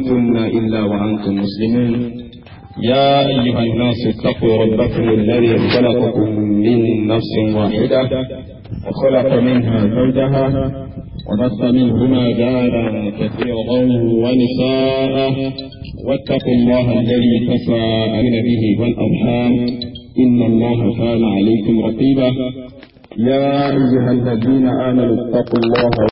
كنا إلا وأنتم مسلمون يا أيها الناس اتقوا ربكم الذي خلقكم من نفس واحدة وخلق منها زوجها وبث منهما جارا كثيرا ونساء واتقوا الله الذي تساءلون به والأرحام إن الله كان عليكم رقيبا يا أيها الذين آمنوا اتقوا الله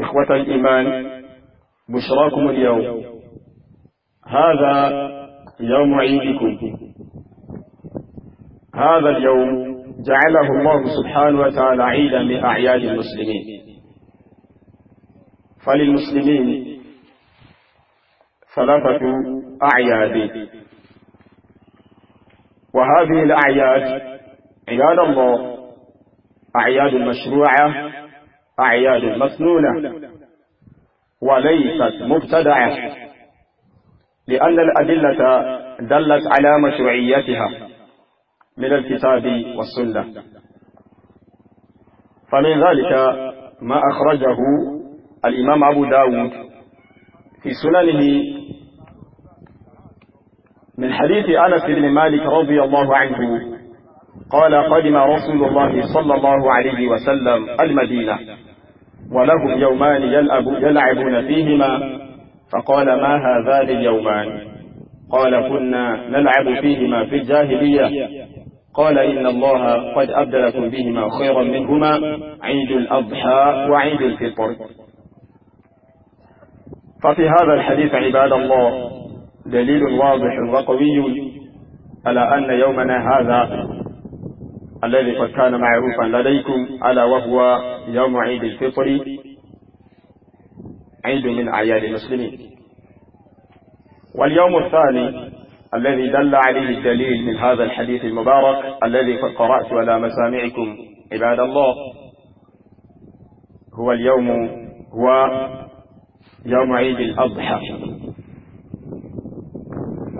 إخوة الإيمان بشراكم اليوم هذا يوم عيدكم هذا اليوم جعله الله سبحانه وتعالى عيدا لأعياد المسلمين فللمسلمين ثلاثة أعياد وهذه الأعياد عياد الله أعياد مشروعة أعياد مسنونة وليست مبتدعة لأن الأدلة دلت على مشروعيتها من الكتاب والسنة فمن ذلك ما أخرجه الإمام أبو داود في سننه من حديث أنس بن مالك رضي الله عنه قال قدم رسول الله صلى الله عليه وسلم المدينة ولهم يومان يلعبون فيهما فقال ما هذان اليومان قال كنا نلعب فيهما في الجاهلية قال إن الله قد أبدلكم بهما خيرا منهما عيد الأضحى وعيد الفطر ففي هذا الحديث عباد الله دليل واضح وقوي على أن يومنا هذا الذي قد كان معروفا لديكم ألا وهو يوم عيد الفطر عيد من أعياد المسلمين واليوم الثاني الذي دل عليه الدليل من هذا الحديث المبارك الذي قد قرأت على مسامعكم عباد الله هو اليوم هو يوم عيد الأضحى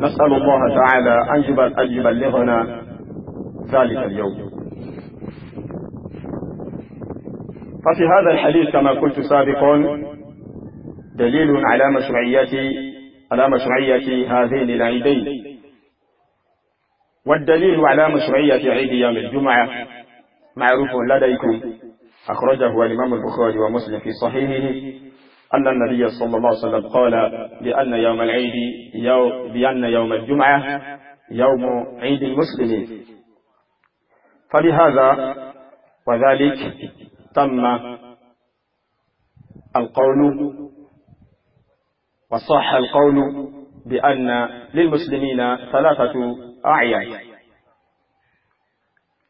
نسأل الله تعالى أن يبلغنا ذلك اليوم ففي هذا الحديث كما قلت سابقا دليل على مشروعية على مشروعية هذين العيدين والدليل على مشروعية عيد يوم الجمعة معروف لديكم أخرجه الإمام البخاري ومسلم في صحيحه أن النبي صلى الله عليه وسلم قال بأن يوم العيد يوم بأن يوم الجمعة يوم عيد المسلمين فلهذا وذلك تم القول وصح القول بأن للمسلمين ثلاثة أعياد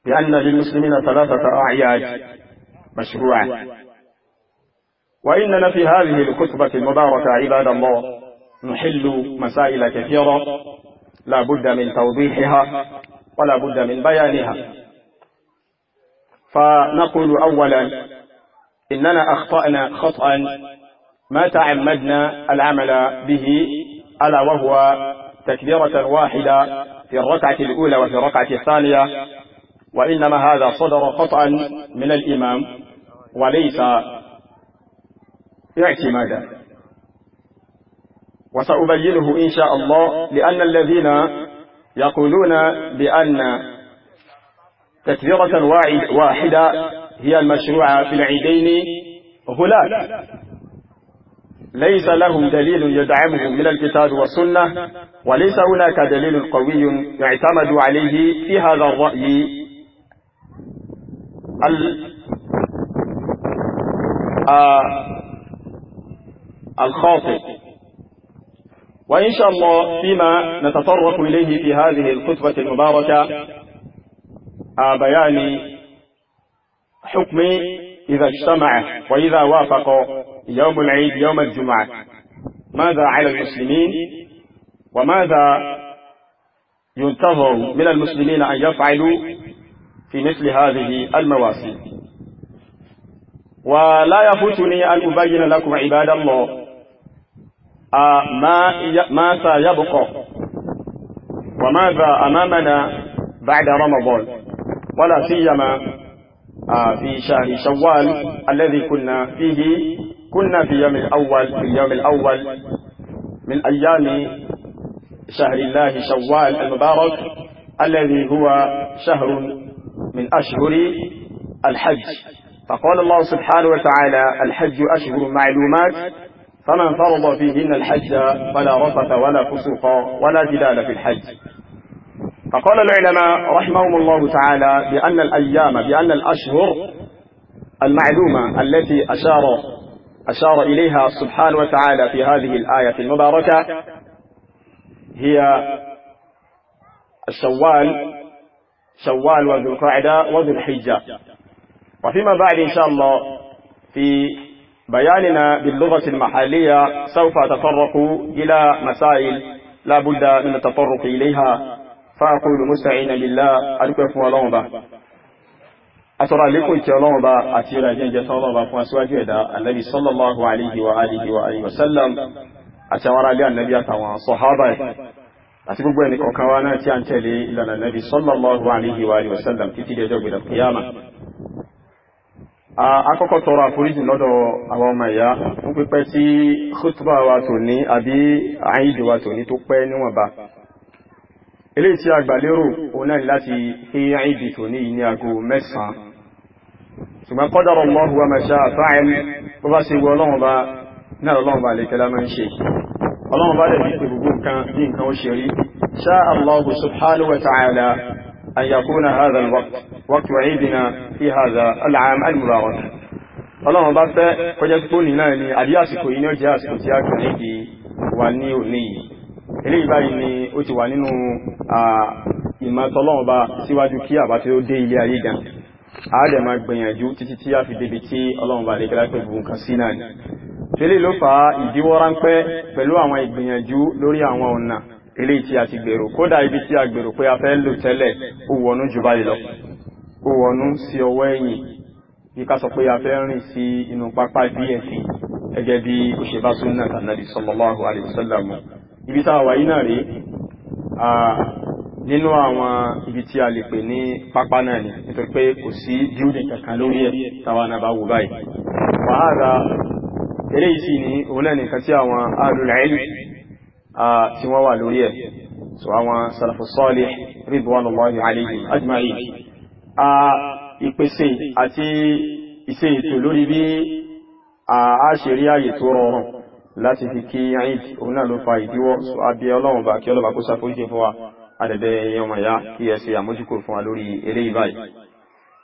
بأن للمسلمين ثلاثة أعياد مشروعة وإننا في هذه الخطبة المباركة عباد الله نحل مسائل كثيرة لا بد من توضيحها ولا بد من بيانها فنقول أولا إننا أخطأنا خطأ ما تعمدنا العمل به ألا وهو تكبيرة واحدة في الركعة الأولى وفي الركعة الثانية وإنما هذا صدر خطأ من الإمام وليس اعتمادا وسأبينه إن شاء الله لأن الذين يقولون بأن تكبيرة واحدة هي المشروعة في العيدين هناك ليس لهم دليل يدعمهم من الكتاب والسنة وليس هناك دليل قوي يعتمد عليه في هذا الرأي آه، الخاطئ وإن شاء الله فيما نتطرق إليه في هذه الخطبة المباركة بيان حكم إذا اجتمع وإذا وافق يوم العيد يوم الجمعة ماذا على المسلمين وماذا ينتظر من المسلمين أن يفعلوا في مثل هذه المواسم ولا يفوتني أن أبين لكم عباد الله آه، ما ما سيبقى وماذا أمامنا بعد رمضان ولا سيما آه، في شهر شوال الذي كنا فيه كنا في يوم الأول في اليوم الأول من أيام شهر الله شوال المبارك الذي هو شهر من أشهر الحج فقال الله سبحانه وتعالى الحج أشهر معلومات فمن فرض فيهن الحج فلا رفث ولا فسوق ولا جدال في الحج فقال العلماء رحمهم الله تعالى بأن الأيام بأن الأشهر المعلومة التي أشار أشار إليها سبحانه وتعالى في هذه الآية المباركة هي الشوال شوال وذو القعدة وذو الحجة وفيما بعد إن شاء الله في بياننا باللغة المحلية سوف أتطرق إلى مسائل لا بد من التطرق إليها fáàkùnlù musta'ina billah adúpẹ́ fún ọlọ́run ba asọ́rọ̀ àlékún ìkẹ́ ọlọ́run ba àti ìrìnàjẹ́ tán ọlọ́run ba fún aṣíwájú ẹ̀dá annabi sallallahu alaihi wa alihi wa alihi wasallam àti àwọn aráalé annabi akọ́kọ́ tọrọ àforíjì lọ́dọ̀ àwọn ọmọ ìyá fún pípẹ́ tí khutba wa tòní àbí àìdè wa tòní tó pẹ́ níwọ̀nba ilé tí a gbàlérò òun náà láti fi àìbì tó ní ní aago mẹ́sàn-án ṣùgbọ́n qadara Allahu wa ma sha'a fa'al bó bá ṣe wọ ọlọ́run bá náà ọlọ́run bá lè kẹlá máa ń ṣe ọlọ́run bá lè ní pé gbogbo nǹkan ní nǹkan ó ṣe rí sha'a Allahu subhanahu wa ta'ala an fẹ́ kọjá tó ní náà ni àbí àsìkò jẹ́ àsìkò tí a kàn ní ní òní yìí eléyìí ni ó ti wà nínú ìmọ̀tọ́lọ́wọ́ba síwájú kí àbá tí ó dé ilé ayé gan àádẹ̀ máa gbìyànjú títí tí a fi débi tí ọlọ́wọ́ba lè kẹ́lá pẹ̀lú nǹkan sí náà ni tẹ́lẹ̀ ló fa ìdíwọ́ ráńpẹ́ pẹ̀lú àwọn ìgbìyànjú lórí àwọn ọ̀nà eléyìí tí a ti gbèrò kódà ibi tí a gbèrò pé a fẹ́ sallallahu alaihi wasallam ibi tá a wà yìí náà rèé nínú àwọn ibi tí a lè pè ní pápá náà ni nítorí pé kò sí building kankan lórí ẹ̀ táwa náà bá wò báyìí wàhálà eléyìí sì ní òun náà nìkan tí àwọn alùlẹ̀ẹ́lù tí wọ́n wà lórí ẹ̀ so àwọn salafu salih ridwanullahi alayhim ajma'in a ìpèsè àti ìṣe ètò lórí a ṣe rí láti fi kí eid òun náà ló fa ìdíwọ́ so abẹ ọlọ́run bá kí ọlọ́ba kó ṣàforíjì fún wa àdẹ̀dẹ̀ ẹ̀yẹ ọmọ ìyá kí ẹ ṣe àmójúkò fún wa lórí eléyìí báyìí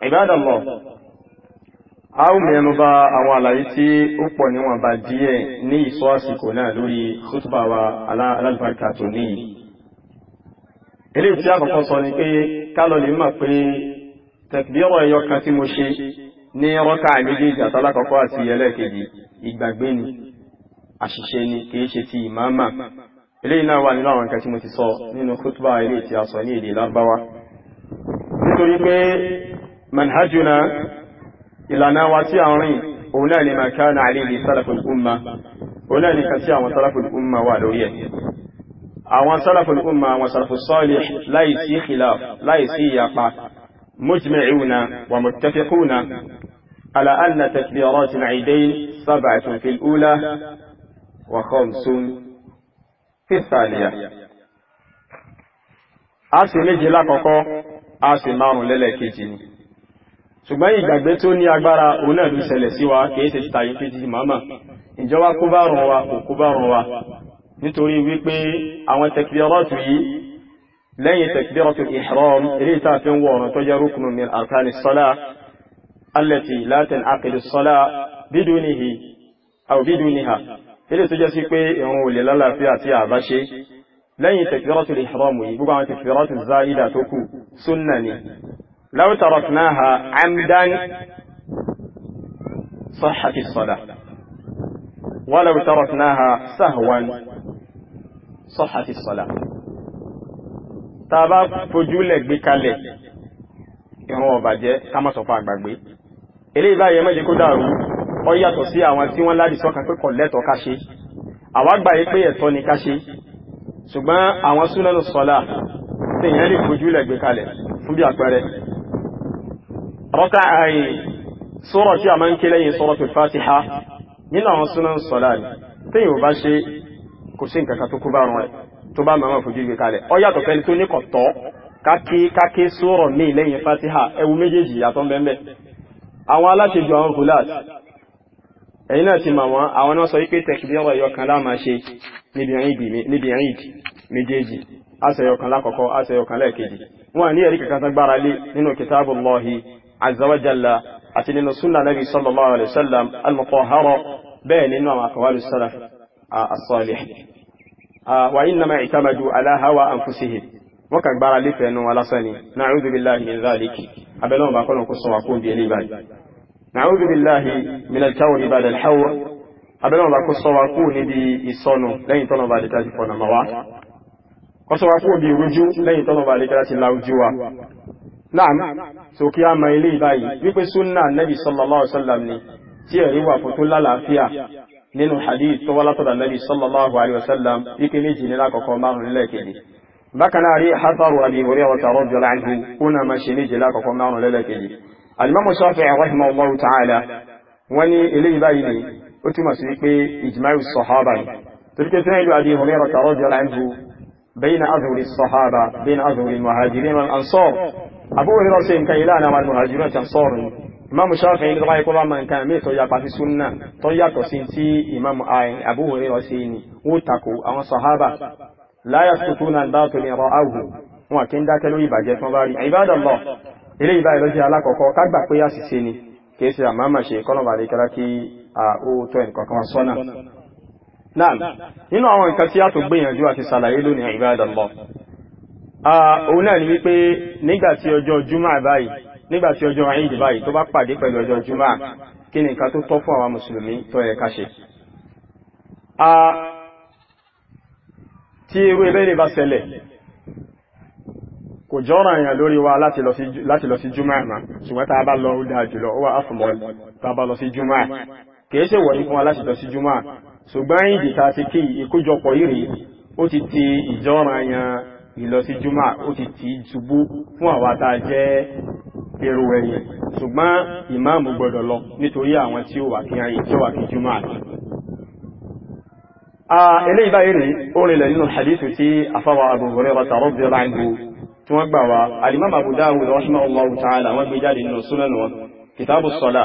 Ibadallah a ó mẹ́nu bà àwọn àlàyé tí ó pọ̀ níwọ̀nba díẹ̀ ní ìsọ́ àsìkò náà lórí khutba alálùbáríkà tó ní eléyìí tí àkọ́kọ́ sọ ni pé kálọ̀ lè mọ̀ pé tẹ̀kbírọ̀ ẹyọ kan tí mo ṣe ní rọ́kà méjèèjì àtàlákọ́kọ́ àti ẹlẹ́ẹ̀kejì ìgbàgbé ni àṣìṣe ni kìí ṣe ti ìmáàmà ilé iná wà nínú àwọn nǹkan mo ti sọ nínú kútbà ilé tí àṣọ ní èdè lábáwá nítorí pé manhajuna ìlànà wa tí a rìn òun náà ni makana alayhi salaful umma òun náà ni kan àwọn salaful wà lórí ẹ̀ àwọn salaful àwọn salafus salih khilaf láì ìyapa mujmi'una wa muttafiquna ala anna takbiratul 'iidayn sab'atun fil ula وخمس في الثانية a sì méje lákọ̀ọ́kọ́ a sì márùn lẹ́lẹ́kejì ni ṣùgbọ́n ìgbàgbé tó ní agbára òun náà ló ṣẹlẹ̀ sí wa kìí ṣe tàyí kejì màmá ìjọba kó bá rùn wa kò kó bá rùn wa nítorí wípé àwọn tẹkbírọ́tù yìí lẹ́yìn tẹkbírọ́tù ilé tó jẹ́ sí pé ìrun olè lálàáfíà tí a bá ṣe lẹ́yìn takbiratul ihram yìí gbogbo àwọn takbiratul záìdà tó kù súnnà ni law taraknaha amdan sahhat as-salah wa law taraknaha sahwan sahhat as-salah tàbá fojúlẹ̀ gbé ọ yàtọ̀ sí àwọn tí wọ́n ládìí sọ́kàn pé kò ká ṣe àwa yí pé ẹ̀tọ́ ni ká ṣe ṣùgbọ́n àwọn súnánù sọ́lá tí èèyàn lè fojú ilẹ̀ gbé kalẹ̀ fún bí àpẹẹrẹ rọ́kà ààyè sọ́rọ̀ tí a máa ń ké lẹ́yìn sọ́rọ̀ àwọn súnánù ni tí èèyàn bá ṣe kò sí nǹkan kan tó kú bá rán ẹ tó bá máa fojú gbé kalẹ̀ ọ yàtọ̀ fẹ́ni tó ní kọ̀tọ́ káké káké sọ́rọ̀ àwọn aláṣejù ẹ̀yìn náà ti mà wọ́n àwọn náà sọ wípé tẹ̀kìdíọ̀rọ̀ ẹ̀yọkan láàmà ṣe níbi ẹ̀yìn méjèèjì aṣẹ̀yọkan lákọ̀ọ́kọ́ aṣẹ̀yọkan lẹ́ẹ̀kejì wọ́n ní ẹ̀rí kankan tó gbára lé nínú kitabullahi azza wa jalla àti nínú súnà nabi sallallahu alaihi wasallam al-mutahhara bẹ́ẹ̀ nínú àwọn aqwalu salaf as-salih wa innama i'tamadu na'udhu billahi minal kawri ba'da al-hawr abẹ́lẹ́ ọba kó sọ wa kú níbi ìsọnù lẹ́yìn tọ́nà bá dìtà ti fọ̀nà mọ́ wa kó sọ wa kú níbi ìrújú lẹ́yìn tọ́nà bá dìtà ti láwùjú wa naam so kí a mọ ilé ìbáyìí wípé súnà nẹ́bì sallallahu alaihi wasallam ni tí ẹ̀rí wà fún tó lálàáfíà nínú hadith tó wá látọ̀dà nẹ́bì sallallahu alaihi wasallam wípé méjì ní alimamu Shafi'i rahimahullahu ta'ala wọ́n ní eléyìí báyìí ni ó túmọ̀ sí pé ijma'u sahaba ni torí pé sẹ́yìn lu adìyẹ homer ọ̀tà rọ́jọ́ láìpù bẹ́yìn azùrí sahaba bẹ́yìn azùrí muhajirin wal ansar abúrò rírọ̀ sí nǹkan ilé àwọn àwọn muhajirin àti ansar ni imamu Shafi'i tó bá yẹ kó bá ma nǹkan mí tó yapa sí súnà tó wọn kí ń dákẹ́ lórí ìbàjẹ́ tó bá rí ibadallah ilé ìbá ìlọ́jẹ́ alákọ̀ọ́kọ́ kágbà pé àṣìṣe ni kìí ṣe àmàmà ṣe kọ́nàbà lè kẹ́lá kí àótọ́ ẹnìkọ̀ọ̀kan sọ́nà náà nínú àwọn nǹkan tí a tó gbìyànjú àti sàlàyé lónìí ìbádàlọ́ òun náà ni wípé nígbàtí ọjọ́ jùmọ̀ báyìí nígbàtí ọjọ́ àìdì báyìí tó bá pàdé pẹ̀lú ọjọ́ jùmọ̀ kí ni nǹkan tó tọ́ fún àwọn mùsùlùmí tó kò jọ́ràn èèyàn lórí wa láti lọ sí júmọ́ àmà ṣùgbọ́n tá a bá lọ ó dáa jùlọ ó wà áfùmọ́ tá lọ sí júmọ́ à kìí ṣe wọ̀nyí fún wa láti lọ sí júmọ́ à ṣùgbọ́n ìdí tá a ti kí ìkójọpọ̀ yìí rèé ó ti ti ìjọ́ràn èèyàn ìlọ sí júmọ́ à ó ti ti ṣubú fún àwa tá a jẹ́ èrò ẹ̀yìn ṣùgbọ́n ìmáàmù gbọ́dọ̀ lọ nítorí àwọn tí ó wà kí ayé tí ó wà kí júmọ́ àti eléyìí báyìí rèé ó rìnlẹ̀ nínú hadithu tí afáwa Abu Hurairah radiyallahu anhu tí wọ́n gbà wá alimam abu dawud rahimahullahu ta'ala wọ́n gbé jáde nínú sunan wọn kitabu sọlá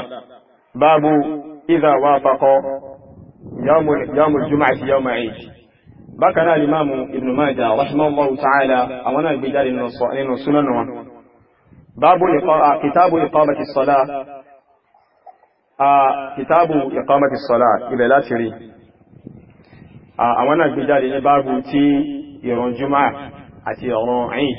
báàbù idha wafaqa yawmul jumu'ati yawma eid bákan náà alimam ibn majah rahimahullahu ta'ala àwọn náà gbé jáde nínú sunan wọn báàbù kitabu iqamati sọlá a kitabu iqamati sọlá ibẹ̀ láti rí àwọn náà àti ọ̀rọ̀ eid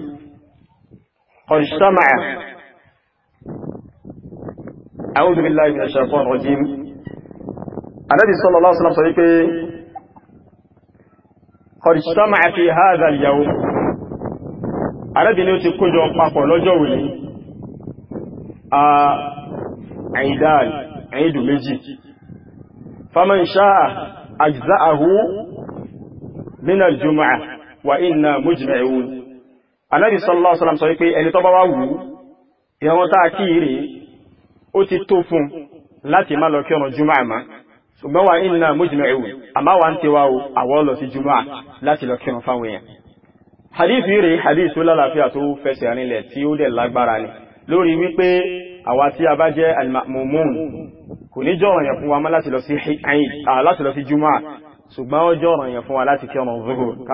قد اجتمع أعوذ بالله من الشيطان الرجيم النبي صلى الله عليه وسلم صديقه قد اجتمع في هذا اليوم النبي نوتي كجو قاقو لجوي عيدان عيد مجي فمن شاء أجزأه من الجمعة وإنا مجمعون anábì sallallahu alaihi wasallam sọ wípé ẹni tó bá wá wù ìrun tá a kí rí ó ti tó fún láti má lọ kí ọ̀nà jùmọ̀ àmá ṣùgbọ́n wa inna mujmi'un àmá wa ń tẹ wá o àwọ̀ lọ sí jùmọ̀ láti lọ kírun hadith ó lálàáfíà tó fẹsẹ̀ rinlẹ̀ tí ó dẹ̀ lágbára ni lórí wípé àwa tí a bá jẹ́ al-ma'mumun kò ní jọ̀rọ̀ yẹn fún wa má láti lọ sí àyìn kí ọ̀nà zuhur ká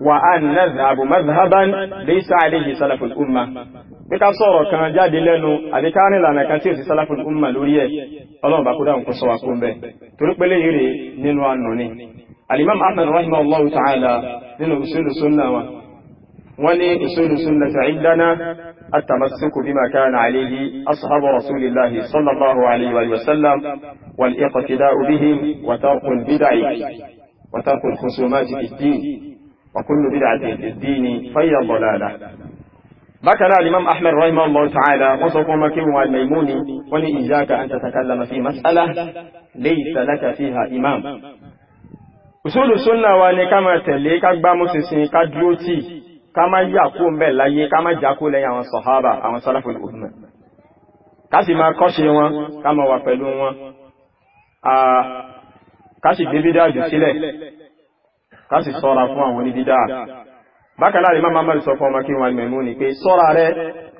وأن نذهب مذهبا ليس عليه سلف الأمة bíká sọ̀rọ̀ kan jáde lẹ́nu àbí ká nílà mẹ́kan tí ò sí sálàfún umma lórí ẹ̀ ọlọ́run bá kó dáhùn kó sọ́wà kó ń bẹ̀ torí pé léyìí rè nínú ànà ni alimam ahmed rahimahullahu ta'ala nínú usulu sunna wa wọ́n ní usulu sunna sa'idana atamasuku bima kana وكل بدعة في الدين فهي ضلالة بكر الإمام أحمد رحمه الله تعالى وصف مكيم والميمون ولإياك أن تتكلم في مسألة ليس لك فيها إمام أصول السنة وأن كما تلي كبا مسسين كدروتي كما يقوم بالله كما جاكو لي عن الصحابة عن صلاف الأمة كاسي ما كوشي وان كما وفلون وان آه كاسي بيبدا جسيلة ká sì sọ́ra fún àwọn oníbídà bákan náà Imam Ahmad sọ fún ọmọ kí wọn mẹ̀mú ni pé sọ́ra rẹ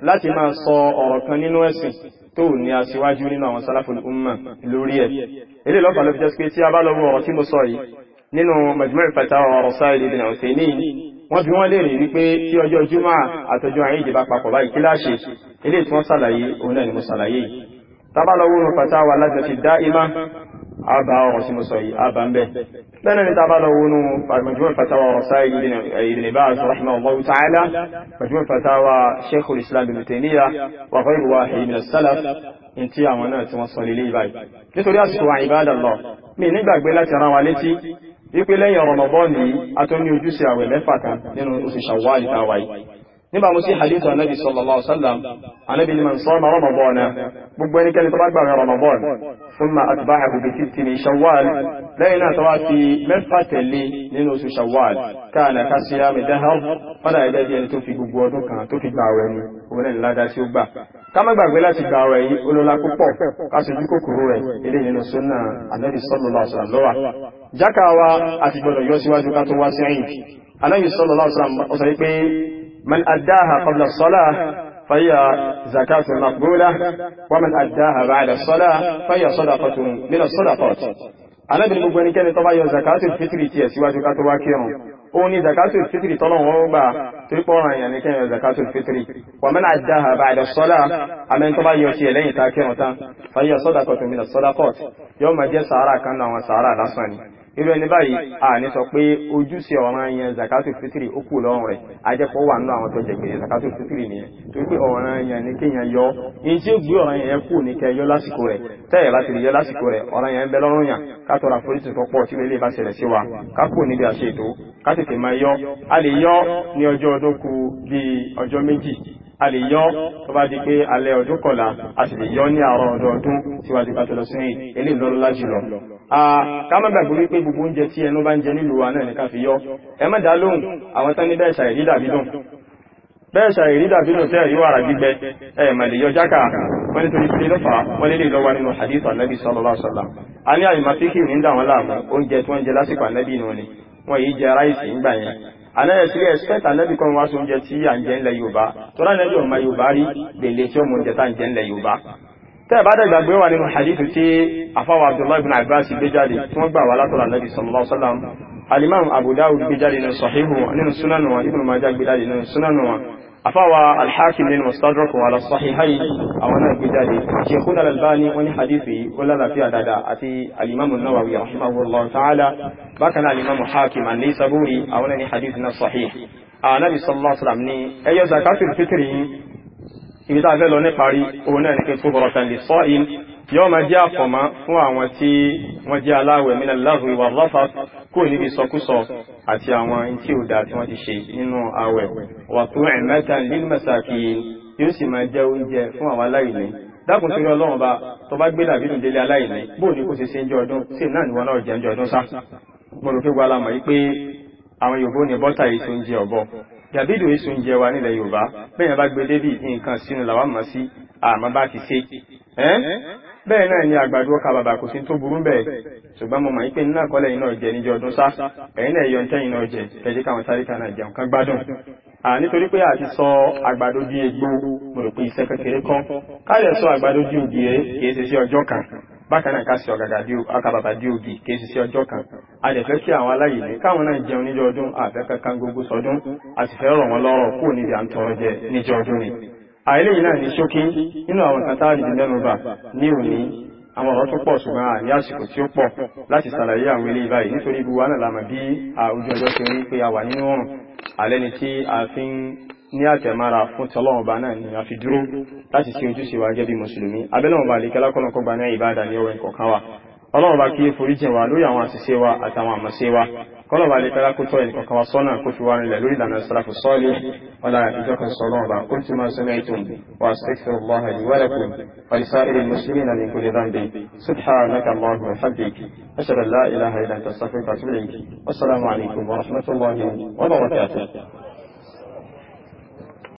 láti máa sọ ọ̀rọ̀ kan nínú ẹ̀sìn tó ní aṣíwájú nínú àwọn salaful umma lórí ẹ̀ ilé lọ́pàá ló fi jẹ́ pé tí a bá lọ wo ọ̀rọ̀ tí mo sọ yìí nínú Majmu' Fatawa ọ̀rọ̀ Sa'id ibn Uthaymeen wọ́n bí wọ́n lè rí wípé tí ọjọ́ júmọ́ àtọjọ́ àyín ìdìbà papọ̀ báyìí kí láṣe ilé tí wọ́n ṣàlàyé òun náà ni mo ṣàlàyé yìí tábàlọ́wọ́ Fatawa Lajnati Da'ima àbá ọ̀rọ̀ sí mo sọ yìí àbá ń bẹ̀. lẹ́nu ní tàbá lọ wọnú majmu'u fatawa rasail ibn Baz rahimahullahu ta'ala majmu'u fatawa sheikhul islam ibn Taymiyyah wa ghayru wahid min as-salaf in ti àwọn náà tí wọ́n sọ lílé ìbáyìí nítorí àsìkò wa ibadallah mi nígbàgbé nígbà mú sí hadithu anabi sallallahu ala'uwasallam anabi ni man sọ́mà ramadana gbogbo ẹnikẹ́ni tó bá gbàrẹ̀ ramadan fún ma àtibá àgbègbè títí ní shawwal lẹ́yìn náà tó wá fi mẹ́fà tẹ̀lé nínú oṣù shawwal káàna ká sí àmì dahar fádà ẹ̀dẹ́ di ẹni tó fi gbogbo ọdún kan tó fi gbàwẹ̀ ni òun ẹni ládá tí ó gbà ká má gbàgbé láti gbàwẹ̀ yìí olóla púpọ̀ ká من أداها قبل الصلاة فهي زكاة مقبولة ومن أداها بعد الصلاة فهي صدقة من الصدقات أنا بالمقبول أن كان طبعا زكاة الفطر تيسي وزكاة واكرم أوني زكاة الفطر طلعوا وغبا تقول يعني كان زكاة الفطر ومن أداها بعد الصلاة أمن طبعا يوتي إليه تاكرة فهي صدقة من الصدقات يوم جاء سعرا كان وسعرا لصاني irú ẹni báyìí a ní sọ pé ojúṣe ọ̀ràn yẹn zakatul fitri ó kù lọ́rùn rẹ̀ ajẹ́pọ̀ wà nínú àwọn tó jẹ pé zakatul fitri nìyẹn torí pé ọ̀ràn yẹn ní kéèyàn yọ ní tí ó gbé ọ̀ràn yẹn kù ní kẹ́ yọ lásìkò rẹ̀ tẹ́yẹ̀ láti lè yọ lásìkò rẹ̀ ọ̀ràn yẹn ń bẹ lọ́rùn yàn kátọ́ra foríṣi tó pọ̀ tí ilé bá ṣẹlẹ̀ sí wa kápò níbi àṣẹ ètò kátètè máa yọ a lè yọ ní ọjọ́ ọdún kù bíi ọjọ́ méjì a lè yọ tó bá di pé alẹ́ ọdún kọ̀la a sì lè yọ ní àárọ̀ ọdún ọdún síwájú ká tó lọ sínú eléyìí lọ́lọ́lá jùlọ káàmà gbàgbé wípé gbogbo oúnjẹ tí ẹnu bá ń jẹ nílùú wa náà ní ká fi yọ ẹ má dá lóhùn àwọn tán ní bẹ́ẹ̀ ṣàìrí dàbí dàbí dùn tẹ́ẹ̀ yóò ara gbígbẹ ẹ mà lè yọ jákà wọ́n ní torí pé lọ́fà wọ́n lè lọ́wọ́ nínú hadith anabi sallallahu alaihi wasallam a ní àyùmá fíkì ní dàwọn láàmú oúnjẹ tí wọ́n jẹ lásìkò anabi nù ni wọ́n yìí jẹ ráìsì ńgbà yẹn anáyẹ sí expect anábì kan wá sóúnjẹ tí à ń jẹ ńlẹ̀ yorùbá tọ́lá anábì ọmọ yorùbá rí gbèlè tí ọmọ oúnjẹ tá ń jẹ ńlẹ̀ yorùbá tẹ́ ẹ bá wà nínú hadith tí afáwọ̀ abdullahi ibn abbas gbé jáde tí wọ́n gbà wá látọ̀lá abu dawud gbé jáde sahihu nínú sunanu wọn ibn majah gbé sunanu wọn afawa alhakim nínú mustadrakun ala sahihai a wannan gidade shekuna lalbani wani hadisi ko lalafiya dada àti alimamu nawawi rahimahullah ta'ala bákan alimamu hakim an ní saburi a wannan hadisi na sahih a nabi sallallahu alaihi wasallam ni ẹyọ zakatul fitri ibi ta fẹ́ lọ ní parí òun náà ni pé tó bọ̀rọ̀tàn lè sọ in yóò máa jẹ́ àfọ̀mọ́ fún àwọn tí min al wa rafas kúrò níbi ìsọkúsọ àti àwọn tí ò dáa tí wọ́n ti ṣe nínú àwẹ̀ wàtú ẹ̀mẹ́ta lílù mẹ́sàkì yóò sì máa jẹ oúnjẹ fún àwọn aláìní dákun torí ọlọ́run bá tó bá gbé dàbí ìdílé aláìní bóò ní kó ṣe ṣe ń jẹ ọdún sí náà ni wọn náà jẹ ń jẹ ọdún sá mo rò pé wàhálà mọ̀ yí pé àwọn Yorùbá ní bọ́tà yìí tó ń jẹ ọ̀bọ dàbídò yìí tó ń jẹ wa nílẹ̀ Yorùbá bẹ́ẹ̀ bá gbé débì nǹkan sínú làwọn mọ̀ sí àmọ́ bá ti ṣe bẹ́ẹ̀ náà ni àgbàdo ọkà bàbà kò sí tó burú bẹ́ẹ̀ ṣùgbọ́n mo mọ̀ yí pé nínú àkọọ́lẹ̀ yìí náà jẹ níjọ ọdún sá ẹ̀yin náà yọ ntẹ́yìn náà jẹ kẹjẹ káwọn táríkà náà jẹun kan gbádùn. nítorí pé àti sọ àgbàdo di egbò mo rò pé iṣẹ́ kékeré kan káyọ̀ sọ àgbàdo di ògì ẹ̀ kìí ṣe sí ọjọ́ kan bákan náà ká sí ọ̀gàgà di akabàbà di ògì kìí ṣe kan a lè fẹ́ kí àwọn aláìní káwọn náà jẹun níjọ ọdún àfẹ́fẹ́ gbogbo sọdún àti fẹ́ rọ̀ wọ́n lọ́rọ̀ kúrò níbi à ń àìlè yìí náà ní ṣókí nínú àwọn kan táàrí ní mẹ́nubà ní òní àwọn ọ̀rọ̀ tó pọ̀ ṣùgbọ́n àní àsìkò tí ó pọ̀ láti ṣàlàyé àwọn ilé ìbáyìí nítorí ibi wa náà làmà bí ojú ọjọ́ ti rí pé a wà nínú ọ̀rùn àlẹ́ni tí a fi ń ní àtẹ̀mára fún tọ́lọ́wọ̀n náà ni a fi dúró láti ṣe ojúṣe wa gẹ́gẹ́ bí mùsùlùmí abẹ́lẹ́wọ̀n bá lè kẹ́lákọ̀ọ́nà kọ́gbà ní ìbáadà ní ọwọ́ ẹ̀kọ̀ọ̀kan wa ọlọ́run bá kí é forí jìn wá lórí àwọn àṣìṣe wa àtàwọn àmọ̀ṣe wa kọ́lọ̀bà lè tẹ́lá kó tọ́ ẹnìkan kan wa sọ́nà kó fi wá nílẹ̀ lórí ìlànà ìsìláfù sọ́ọ̀lì ọ̀la àtijọ́ kan sọ ọlọ́run bá kó tí máa sọ mẹ́tò wà sẹ́kẹ̀rọ̀ wà hàní wà lẹ́kù